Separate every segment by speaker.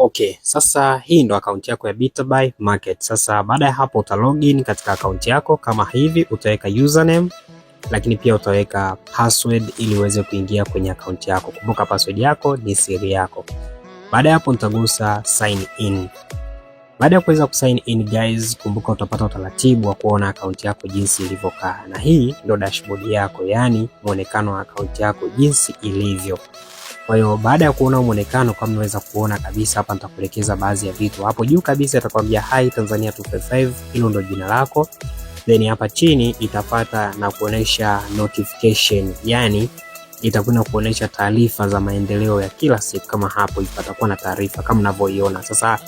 Speaker 1: Okay, sasa hii ndo akaunti yako ya Bitabuy Market. Sasa baada ya hapo uta login katika akaunti yako kama hivi, utaweka username lakini pia utaweka password ili uweze kuingia kwenye akaunti yako. Kumbuka password yako ni siri yako. Baada ya hapo nitagusa sign in. Baada ya kuweza kusign in guys, kumbuka utapata utaratibu wa kuona akaunti yako jinsi ilivyokaa, na hii ndo dashboard yako, yaani muonekano wa akaunti yako jinsi ilivyo. Kwa hiyo baada ya kuona muonekano, kama unaweza kuona kabisa hapa, nitakuelekeza baadhi ya vitu. Hapo juu kabisa itakwambia hi Tanzania 255, hilo ndo jina lako, then hapa chini itapata na kuonesha notification, yani itakwenda kuonesha taarifa za maendeleo ya kila siku. Kama hapo itakuwa na taarifa kama unavyoiona sasa.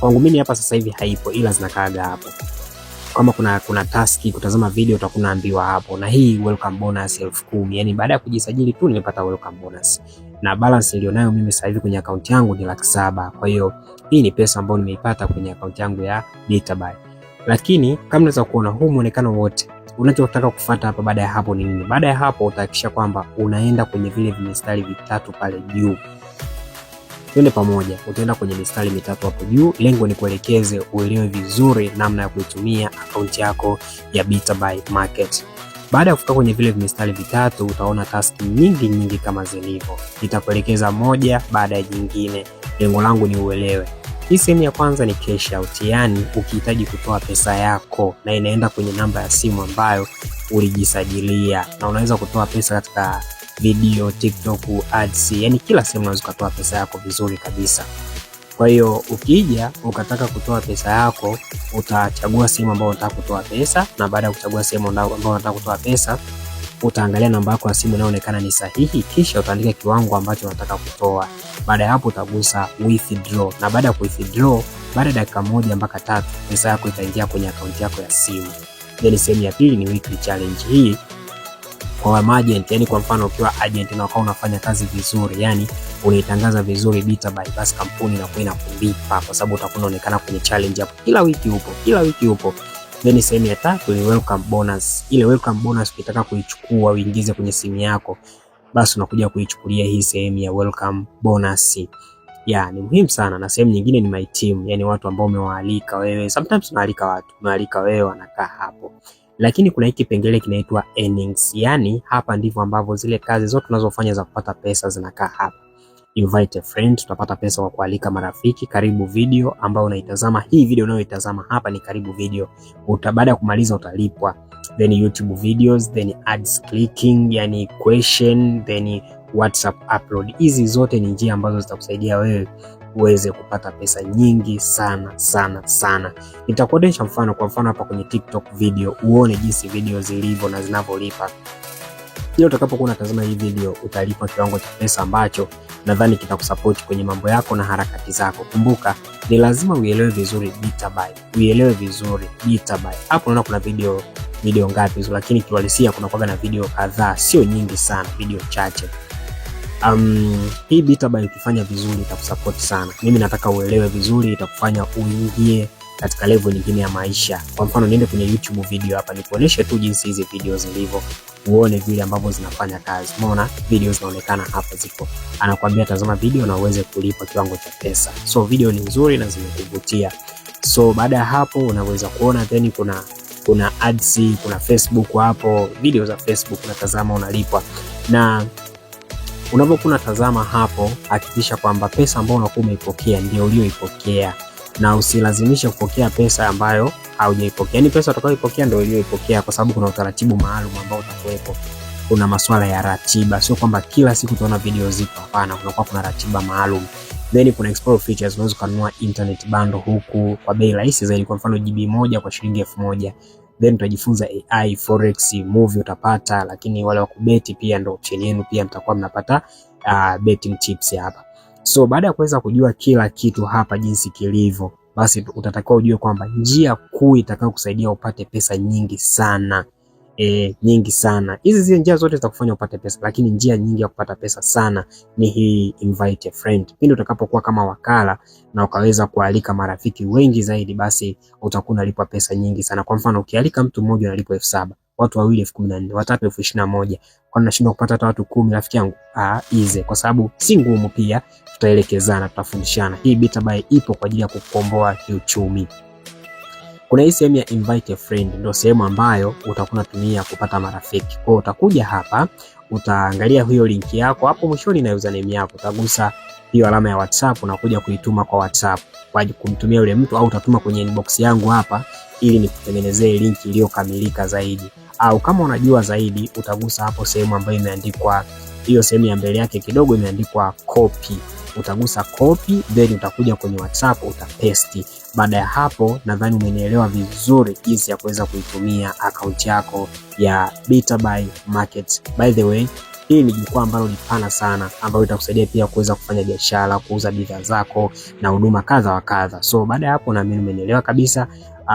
Speaker 1: Kwangu mimi hapa sasa hivi haipo, ila zinakaaga hapo kama kuna, kuna taski kutazama video utakunaambiwa hapo, na hii welcome bonus elfu kumi. Yani baada ya kujisajili tu nimepata welcome bonus na balance nilionayo mimi sasa hivi kwenye akaunti yangu ni laki saba. Kwa hiyo hii ni pesa ambayo nimeipata kwenye akaunti yangu ya BitaBuy. Lakini kama unaweza kuona huu muonekano wote, unachotaka kufuata hapa baada ya hapo ni nini? Baada ya hapo utahakikisha kwamba unaenda kwenye vile vimistari vitatu pale juu. Twende pamoja, utaenda kwenye mistari mitatu hapo juu. Lengo ni kuelekeze uelewe vizuri namna ya kuitumia akaunti yako ya BitaBuy Market. Baada ya kufika kwenye vile vimistari vitatu, utaona taski nyingi nyingi kama zilivyo, nitakuelekeza moja baada ya jingine. Lengo langu ni uelewe. Hii sehemu ya kwanza ni cash out, yani ukihitaji kutoa pesa yako na inaenda kwenye namba ya simu ambayo ulijisajilia, na unaweza kutoa pesa katika video, TikTok, ads, yani kila sehemu unaweza kutoa pesa yako vizuri kabisa. Kwa hiyo ukija ukataka kutoa pesa yako, utachagua sehemu ambayo unataka kutoa pesa, na baada ya kuchagua sehemu ambayo unataka kutoa pesa, utaangalia namba yako ya simu inayoonekana ni sahihi, kisha utaandika kiwango ambacho unataka kutoa. Baada ya hapo, utagusa withdraw, na baada ya withdraw, baada ya dakika moja mpaka tatu, pesa yako itaingia kwenye akaunti yako ya simu. Then sehemu ya pili ni weekly challenge hii kwa magent, yani kwa mfano ukiwa agent na ukawa unafanya kazi vizuri, yani unaitangaza vizuri BitaBuy, basi kampuni inakuwa inakulipa kwa sababu utakuwa unaonekana kwenye challenge hapo, kila wiki upo, kila wiki upo. Then sehemu ya tatu ni welcome bonus. Ile welcome bonus ukitaka kuichukua uingize kwenye simu yako, basi unakuja kuichukulia hii sehemu ya welcome bonus ya ni muhimu sana, na sehemu nyingine ni team, yani watu ambao umewaalika wewe. Sometimes unaalika watu, unaalika wewe, wanakaa hapo lakini kuna hiki kipengele kinaitwa earnings, yani hapa ndivyo ambavyo zile kazi zote tunazofanya za kupata pesa zinakaa hapa. Invite a friend, tutapata pesa kwa kualika marafiki. Karibu video ambayo unaitazama hii video unayoitazama hapa ni karibu video, baada ya kumaliza utalipwa. Then YouTube videos, then ads clicking, yani question, then WhatsApp upload. Hizi zote ni njia ambazo zitakusaidia wewe uweze kupata pesa nyingi sana sana sana. Nitakuonesha mfano, kwa mfano hapa kwenye TikTok video, uone jinsi video zilivyo na zinavyolipa. Kila utakapokuwa unatazama hii video, utalipwa kiwango cha pesa ambacho nadhani kitakusapoti kwenye mambo yako na harakati zako. Kumbuka ni lazima uielewe vizuri Bitaby, uielewe vizuri Bitaby. Hapo unaona kuna video video ngapi hizo, lakini kiuhalisia kuna kwaga na video kadhaa, sio nyingi sana, video chache. Um, hii BitaBuy ukifanya vizuri itakusupport sana. Mimi nataka uelewe vizuri, itakufanya uingie katika level nyingine ya maisha. Kwa mfano, niende kwenye YouTube video hapa nikuoneshe tu jinsi hizi video zilivyo, uone vile ambavyo zinafanya kazi. Umeona video zinaonekana hapa zipo, anakuambia tazama video na uweze kulipa kiwango cha pesa. So video ni nzuri na zimekuvutia. So baada ya hapo unaweza kuona then kuna kuna ads, kuna Facebook hapo, video za Facebook unatazama, unalipwa na Unapokuwa unatazama hapo, hakikisha kwamba pesa ambayo unakuwa umeipokea ndio ulioipokea na usilazimishe kupokea pesa ambayo haujaipokea. Yaani pesa utakayoipokea ndio ulioipokea, kwa sababu kuna utaratibu maalum ambao utakuwepo. Kuna masuala ya ratiba, sio kwamba kila siku utaona video zipo. Hapana, kunakuwa kuna ratiba maalum. Then kuna explore features, unaweza kununua internet bundle huku kwa bei rahisi zaidi. Kwa mfano GB moja kwa shilingi elfu moja then utajifunza AI, forex, movie utapata, lakini wale wa kubeti pia ndo chini yenu, pia mtakuwa mnapata uh, betting tips hapa. So baada ya kuweza kujua kila kitu hapa jinsi kilivyo, basi utatakiwa ujue kwamba njia kuu itakayokusaidia upate pesa nyingi sana e, nyingi sana. Hizi zile njia zote zitakufanya upate pesa, lakini njia nyingi ya kupata pesa sana ni hii invite a friend. Pindi utakapokuwa kama wakala na ukaweza kualika marafiki wengi zaidi, basi utakuwa unalipwa pesa nyingi sana. Kwa mfano, ukialika mtu mmoja unalipwa elfu saba watu wawili elfu kumi na nne watatu elfu ishirini na moja Kwani nashindwa kupata hata watu kumi? Rafiki yangu, ah, ize, kwa sababu si ngumu. Pia tutaelekezana, tutafundishana. Hii bitabay ipo kwa ajili ya kukomboa kiuchumi. Kuna hii sehemu ya invite a friend, ndio sehemu ambayo utakuwa unatumia kupata marafiki. Kwa hiyo utakuja hapa, utaangalia hiyo link yako hapo mwishoni na username yako, utagusa hiyo alama ya WhatsApp na kuja kuituma kwa WhatsApp kwa kumtumia yule mtu, au utatuma kwenye inbox yangu hapa ili nikutengenezee link iliyokamilika zaidi. Au kama unajua zaidi, utagusa hapo sehemu ambayo imeandikwa, hiyo sehemu ya mbele yake kidogo imeandikwa copy, utagusa copy, then utakuja kwenye WhatsApp utapesti. Baada ya hapo, nadhani umenielewa vizuri jinsi ya kuweza kuitumia akaunti yako ya BitaBuy Market. By the way, hii ni jukwaa ambalo ni pana sana, ambayo itakusaidia pia kuweza kufanya biashara, kuuza bidhaa zako na huduma kadha wa kadha. So baada ya hapo, naamini umenielewa kabisa.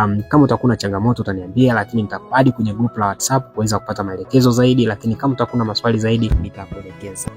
Speaker 1: Um, kama utakuwa na changamoto utaniambia, lakini nitakuadi kwenye group la WhatsApp kuweza kupata maelekezo zaidi, lakini kama utakuwa na maswali zaidi nitakuelekeza.